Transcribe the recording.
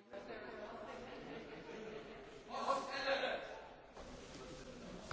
like